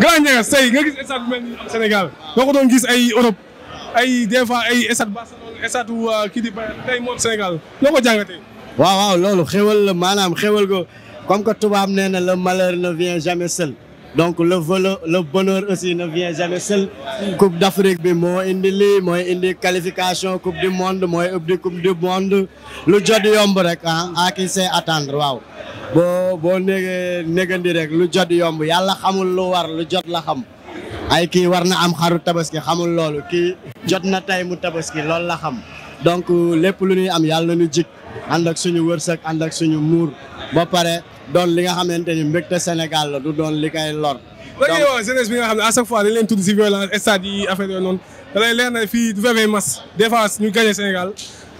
grand ñagas say nga gis Sénégal doo ko doon gis ay Europe ay des fois ay stade Barcelone stade euh, kii tey moom Sénégal loo ko jàngatee. waaw loolu xéwal la maanaam xéwal go comme que tubaab nee na le malheur ne vient jamais seul. donc le volo le bonheur aussi ne vient jamais coupe d'Afrique bi moo indi lii mooy indi qualification coupe du monde mooy ubbi du monde lu jot yomb rek ah à qui attendre waaw. boo boo négee négandi rek lu jot yomb yàlla xamul lu war lu jot la xam ay kii war na am xaru tabaski xamul loolu kii jot na tey mu tabaski loolu la xam donc lépp lu ñuy am yàlla nu jik ànd ak suñu wërsëg ànd ak suñu muur ba pare doon li nga xamante ni mbégte Sénégal la du doon li koy lor. donc da ngay woo jeunesse bi nga xam ne à chaque fois leen tudd si violence stade yi affaire yooyu noon da lay leer na fii du fekkee mas des fois ñu gagné Sénégal.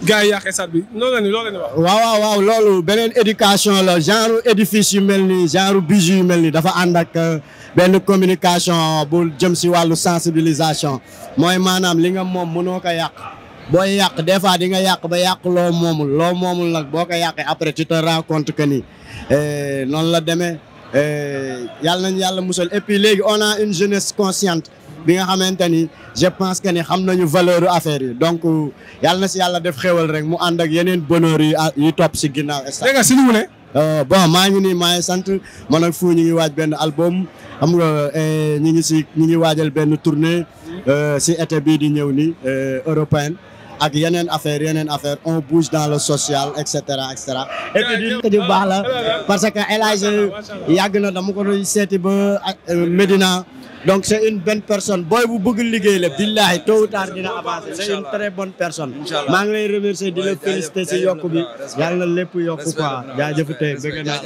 gars yi yàq bi noonu la waaw waaw loolu beneen éducation la genre édifice yu mel ni genre bijou yu mel ni dafa ànd ak euh, benn communication bu jëm si wàllu sensibilisation mooy maanaam li nga moom mënoo ko yàq. booy yàq des fois di nga yàq ba yàq loo moomul loo moomul nag boo ko yàqee après tu te rends compte que ni euh, noonu la demee euh, yàlla nañ yàlla musal et puis léegi on a une jeunesse consciente bi nga xamante ni je pense que ni xam nañu valeur affaire yi donc yàlla si yàlla def xéwal rek mu ànd ak yeneen bonheur yi ah, yi topp si ginnaaw. dégg nga si li mu maa ngi nii maa sant man ak fu ñu ngi waaj benn album xam nga eh, ñu ngi si ñu ngi waajal benn tournée euh, si été bii di ñëw nii euh, européenne. ak yeneen affaire yeneen affaire on bouge dans le social et cetera et cetera et puis di baax la parce que El Hadj yàgg na dama ko seeti ba euh, Medina donc c' est une bonne personne booy bu bëgg liggéey la billahi tôt ou tard dina avancer c' est une très bonne personne maa ngi lay remercier di la féliciter si yokku bi yàlla na lépp yokku quoi jaajëfate bëgg naa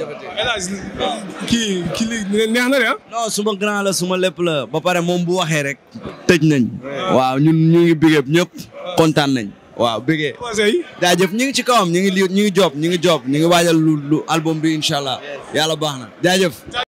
kii kii li neex na de ah non suma grand la la ba pare moom bu waxee rek tëj nañ waaw ñun ñu ngi bigéb ñëpp kontaan nañ waaw bëggee jaajëf ñu ngi ci kawam ñu ngi li ñu ngi job ñu ngi job ñu ngi waajal lu album bi incha allah yàlla baax na jaajëf